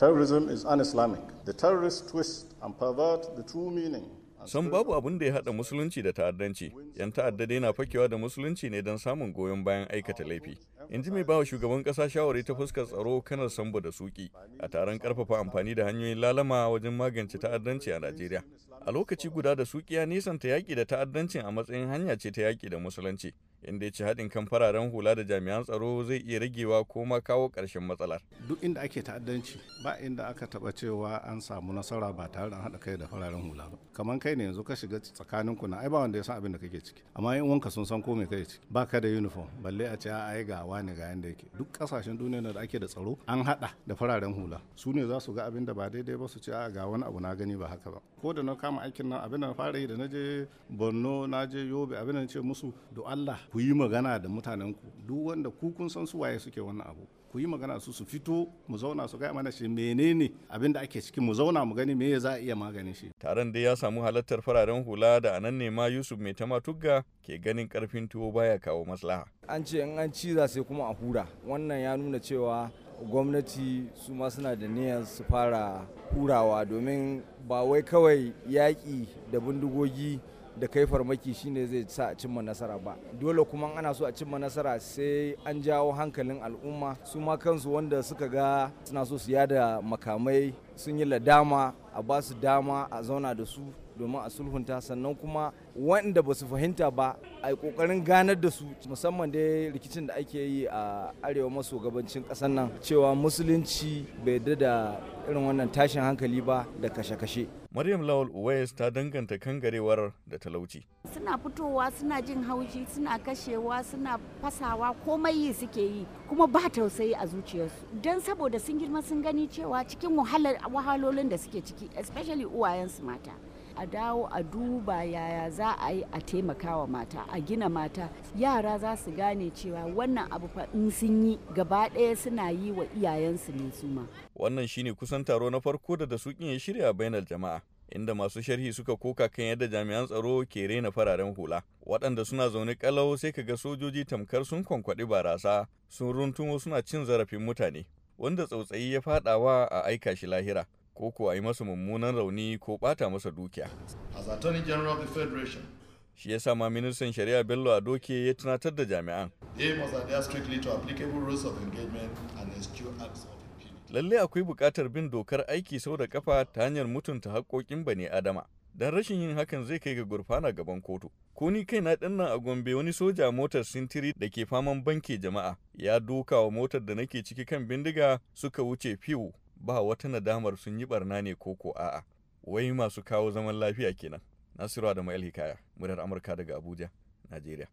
Terrorism is un-Islamic. The terrorists twist and pervert the true meaning san babu abin da ya haɗa musulunci da ta'addanci yan ta'adda dai na fakewa da musulunci ne don samun goyon bayan aikata laifi in ji mai bawa shugaban ƙasa shawari ta fuskar tsaro kanar sambo da suki a taron karfafa amfani da hanyoyin lalama wajen magance ta'addanci a najeriya a lokaci guda da suki ya ta yaƙi da ta'addancin a matsayin hanya ce ta yaƙi da musulunci inda ya ce haɗin kan fararen hula da jami'an tsaro zai iya ragewa ko ma kawo ƙarshen matsalar. Duk inda ake ta'addanci ba inda aka taɓa cewa an samu nasara ba tare da haɗa kai da fararen hula ba. Kamar kai ne yanzu ka shiga tsakanin ku na ai ba wanda ya san abin da kake ciki. Amma in wanka sun san ko me kake ciki. Ba ka da uniform balle a ce a ai ga wani ga yanda yake. Duk ƙasashen duniya da ake da tsaro an haɗa da fararen hula. Su ne za su ga abin da ba daidai ba su ce a ga wani abu na gani ba haka ba. Ko da na kama aikin nan abin da na fara yi da na je Borno na je Yobe abin da na ce musu do Allah ku yi magana da mutanen ku duk wanda ku kun san su waye suke wannan abu ku yi magana su su fito mu zauna su gaya mana shi menene abin da ake ciki mu zauna mu gani ya za a iya maganin shi taron dai ya samu halartar fararen hula da anan ne ma Yusuf mai tama tugga ke ganin karfin tuwo baya kawo maslaha an ce in an ciza sai kuma a hura wannan ya nuna cewa gwamnati su ma suna da niyyar su fara hurawa domin ba wai kawai yaƙi da bindigogi da kai farmaki shine zai sa a cimma nasara ba dole kuma ana so a cimma nasara sai an jawo hankalin al'umma su ma kansu wanda suka ga suna so su yada makamai sun yi ladama a basu dama a zauna da su domin a sulhunta sannan kuma wanda ba su fahimta ba a kokarin ganar da su musamman dai rikicin da ake yi a arewa maso gabancin kasar nan cewa musulunci bai da da irin wannan tashin hankali ba da kashe-kashe. Maryam Lawal Uwais ta danganta kangarewar da talauci. Suna fitowa suna jin haushi suna kashewa suna fasawa komai yi suke yi kuma ba tausayi a zuciyarsu don saboda sun girma sun gani cewa cikin wahalolin da suke ciki especially uwayensu mata. a dawo a duba yaya za a yi a taimakawa mata a gina mata yara za su gane cewa wannan abu fa in sun yi gaba ɗaya suna yi wa iyayensu ne su ma wannan shine kusan taro na farko da da su ya shirya bainar jama'a inda masu sharhi suka koka kan yadda jami'an tsaro ke raina fararen hula waɗanda suna zaune kalau sai ka ga sojoji tamkar sun kwankwaɗi barasa sun runtumo suna cin zarafin mutane wanda tsautsayi ya fadawa a aika shi lahira ko ko a yi masa mummunan rauni ko bata masa dukiya. As General of the Federation, shi ya sa ma ministan shari'a bello a doke ya tunatar da jami'an lalle akwai buƙatar bin dokar aiki sau da kafa ta hanyar mutunta haƙƙoƙin bani adama dan rashin yin hakan zai kai ga gurfana gaban kotu ko ni kai na dinnan a gombe wani soja motar sintiri da ke faman banke jama'a ya doka wa motar da nake ciki kan bindiga suka wuce fiwu ba wata nadamar sun yi barna ne ko ko a'a wai masu kawo zaman lafiya kenan nasiru da ma'il hikaya murar amurka daga abuja najeriya